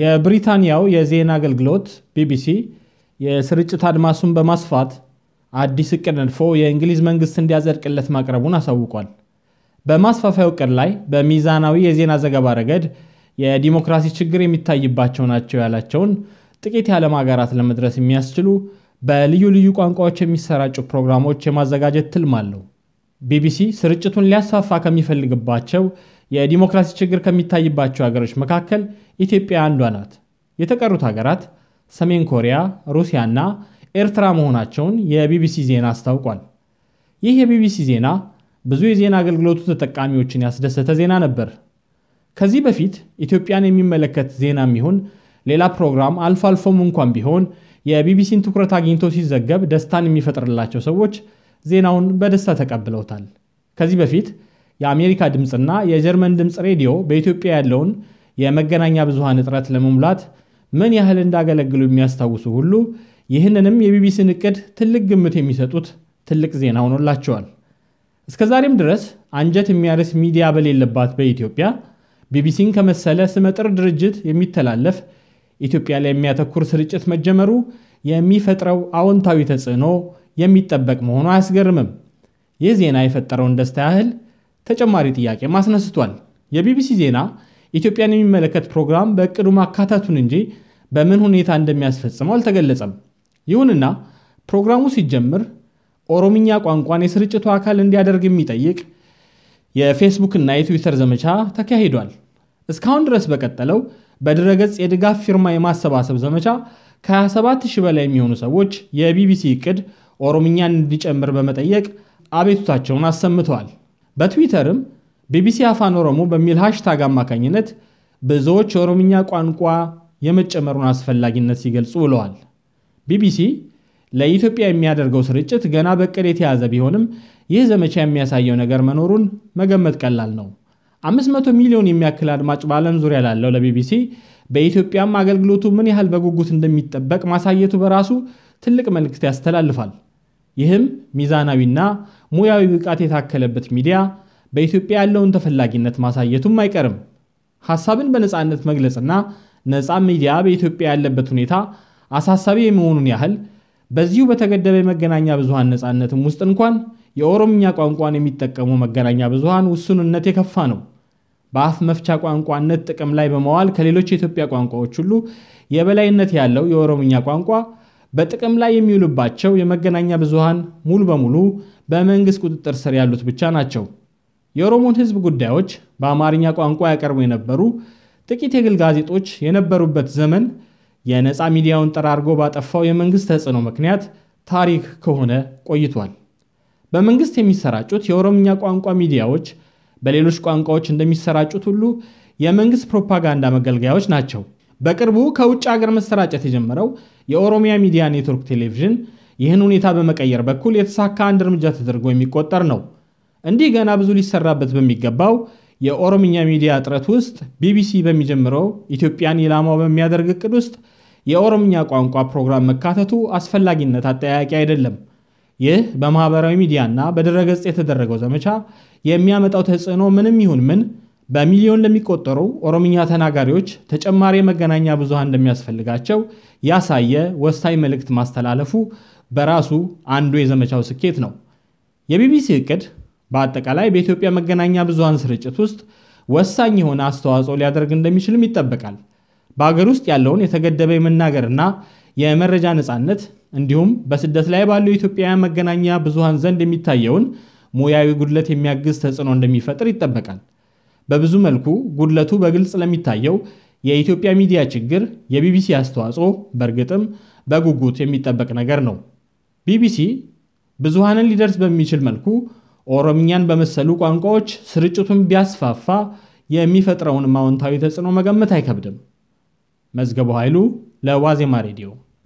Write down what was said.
የብሪታንያው የዜና አገልግሎት ቢቢሲ የስርጭት አድማሱን በማስፋት አዲስ እቅድ ነድፎ የእንግሊዝ መንግስት እንዲያጸድቅለት ማቅረቡን አሳውቋል። በማስፋፊያው እቅድ ላይ በሚዛናዊ የዜና ዘገባ ረገድ የዲሞክራሲ ችግር የሚታይባቸው ናቸው ያላቸውን ጥቂት የዓለም ሀገራት ለመድረስ የሚያስችሉ በልዩ ልዩ ቋንቋዎች የሚሰራጩ ፕሮግራሞች የማዘጋጀት ትልም አለው። ቢቢሲ ስርጭቱን ሊያስፋፋ ከሚፈልግባቸው የዲሞክራሲ ችግር ከሚታይባቸው ሀገሮች መካከል ኢትዮጵያ አንዷ ናት። የተቀሩት ሀገራት ሰሜን ኮሪያ፣ ሩሲያና ኤርትራ መሆናቸውን የቢቢሲ ዜና አስታውቋል። ይህ የቢቢሲ ዜና ብዙ የዜና አገልግሎቱ ተጠቃሚዎችን ያስደሰተ ዜና ነበር። ከዚህ በፊት ኢትዮጵያን የሚመለከት ዜና የሚሆን ሌላ ፕሮግራም አልፎ አልፎም እንኳን ቢሆን የቢቢሲን ትኩረት አግኝቶ ሲዘገብ ደስታን የሚፈጥርላቸው ሰዎች ዜናውን በደስታ ተቀብለውታል። ከዚህ በፊት የአሜሪካ ድምፅና የጀርመን ድምፅ ሬዲዮ በኢትዮጵያ ያለውን የመገናኛ ብዙሃን እጥረት ለመሙላት ምን ያህል እንዳገለግሉ የሚያስታውሱ ሁሉ ይህንንም የቢቢሲን እቅድ ትልቅ ግምት የሚሰጡት ትልቅ ዜና ሆኖላቸዋል። እስከዛሬም ድረስ አንጀት የሚያርስ ሚዲያ በሌለባት በኢትዮጵያ ቢቢሲን ከመሰለ ስመጥር ድርጅት የሚተላለፍ ኢትዮጵያ ላይ የሚያተኩር ስርጭት መጀመሩ የሚፈጥረው አዎንታዊ ተጽዕኖ የሚጠበቅ መሆኑ አያስገርምም። ይህ ዜና የፈጠረውን ደስታ ያህል ተጨማሪ ጥያቄ አስነስቷል። የቢቢሲ ዜና ኢትዮጵያን የሚመለከት ፕሮግራም በእቅዱ ማካተቱን እንጂ በምን ሁኔታ እንደሚያስፈጽመው አልተገለጸም። ይሁንና ፕሮግራሙ ሲጀምር ኦሮምኛ ቋንቋን የስርጭቱ አካል እንዲያደርግ የሚጠይቅ የፌስቡክና የትዊተር ዘመቻ ተካሂዷል። እስካሁን ድረስ በቀጠለው በድረገጽ የድጋፍ ፊርማ የማሰባሰብ ዘመቻ ከ27 ሺህ በላይ የሚሆኑ ሰዎች የቢቢሲ እቅድ ኦሮምኛን እንዲጨምር በመጠየቅ አቤቱታቸውን አሰምተዋል። በትዊተርም ቢቢሲ አፋን ኦሮሞ በሚል ሃሽታግ አማካኝነት ብዙዎች የኦሮምኛ ቋንቋ የመጨመሩን አስፈላጊነት ሲገልጹ ውለዋል። ቢቢሲ ለኢትዮጵያ የሚያደርገው ስርጭት ገና በቅድ የተያዘ ቢሆንም ይህ ዘመቻ የሚያሳየው ነገር መኖሩን መገመት ቀላል ነው። 500 ሚሊዮን የሚያክል አድማጭ በዓለም ዙሪያ ላለው ለቢቢሲ በኢትዮጵያም አገልግሎቱ ምን ያህል በጉጉት እንደሚጠበቅ ማሳየቱ በራሱ ትልቅ መልእክት ያስተላልፋል። ይህም ሚዛናዊና ሙያዊ ብቃት የታከለበት ሚዲያ በኢትዮጵያ ያለውን ተፈላጊነት ማሳየቱም አይቀርም። ሐሳብን በነፃነት መግለጽና ነፃ ሚዲያ በኢትዮጵያ ያለበት ሁኔታ አሳሳቢ የመሆኑን ያህል በዚሁ በተገደበ የመገናኛ ብዙሃን ነፃነትም ውስጥ እንኳን የኦሮምኛ ቋንቋን የሚጠቀሙ መገናኛ ብዙሃን ውሱንነት የከፋ ነው። በአፍ መፍቻ ቋንቋነት ጥቅም ላይ በመዋል ከሌሎች የኢትዮጵያ ቋንቋዎች ሁሉ የበላይነት ያለው የኦሮምኛ ቋንቋ በጥቅም ላይ የሚውሉባቸው የመገናኛ ብዙሃን ሙሉ በሙሉ በመንግስት ቁጥጥር ስር ያሉት ብቻ ናቸው። የኦሮሞን ህዝብ ጉዳዮች በአማርኛ ቋንቋ ያቀርቡ የነበሩ ጥቂት የግል ጋዜጦች የነበሩበት ዘመን የነፃ ሚዲያውን ጠራርጎ ባጠፋው የመንግስት ተጽዕኖ ምክንያት ታሪክ ከሆነ ቆይቷል። በመንግስት የሚሰራጩት የኦሮምኛ ቋንቋ ሚዲያዎች በሌሎች ቋንቋዎች እንደሚሰራጩት ሁሉ የመንግስት ፕሮፓጋንዳ መገልገያዎች ናቸው። በቅርቡ ከውጭ አገር መሰራጨት የጀመረው የኦሮሚያ ሚዲያ ኔትወርክ ቴሌቪዥን ይህን ሁኔታ በመቀየር በኩል የተሳካ አንድ እርምጃ ተደርጎ የሚቆጠር ነው። እንዲህ ገና ብዙ ሊሰራበት በሚገባው የኦሮምኛ ሚዲያ እጥረት ውስጥ ቢቢሲ በሚጀምረው ኢትዮጵያን ኢላማው በሚያደርግ እቅድ ውስጥ የኦሮምኛ ቋንቋ ፕሮግራም መካተቱ አስፈላጊነት አጠያቂ አይደለም። ይህ በማህበራዊ ሚዲያና በድረገጽ የተደረገው ዘመቻ የሚያመጣው ተጽዕኖ ምንም ይሁን ምን በሚሊዮን ለሚቆጠሩ ኦሮምኛ ተናጋሪዎች ተጨማሪ የመገናኛ ብዙሃን እንደሚያስፈልጋቸው ያሳየ ወሳኝ መልእክት ማስተላለፉ በራሱ አንዱ የዘመቻው ስኬት ነው። የቢቢሲ እቅድ በአጠቃላይ በኢትዮጵያ መገናኛ ብዙሃን ስርጭት ውስጥ ወሳኝ የሆነ አስተዋጽኦ ሊያደርግ እንደሚችልም ይጠበቃል። በአገር ውስጥ ያለውን የተገደበ የመናገርና የመረጃ ነፃነት እንዲሁም በስደት ላይ ባለው የኢትዮጵያውያን መገናኛ ብዙሃን ዘንድ የሚታየውን ሙያዊ ጉድለት የሚያግዝ ተጽዕኖ እንደሚፈጥር ይጠበቃል። በብዙ መልኩ ጉድለቱ በግልጽ ለሚታየው የኢትዮጵያ ሚዲያ ችግር የቢቢሲ አስተዋጽኦ በእርግጥም በጉጉት የሚጠበቅ ነገር ነው። ቢቢሲ ብዙሃንን ሊደርስ በሚችል መልኩ ኦሮምኛን በመሰሉ ቋንቋዎች ስርጭቱን ቢያስፋፋ የሚፈጥረውን አዎንታዊ ተጽዕኖ መገመት አይከብድም። መዝገቡ ኃይሉ ለዋዜማ ሬዲዮ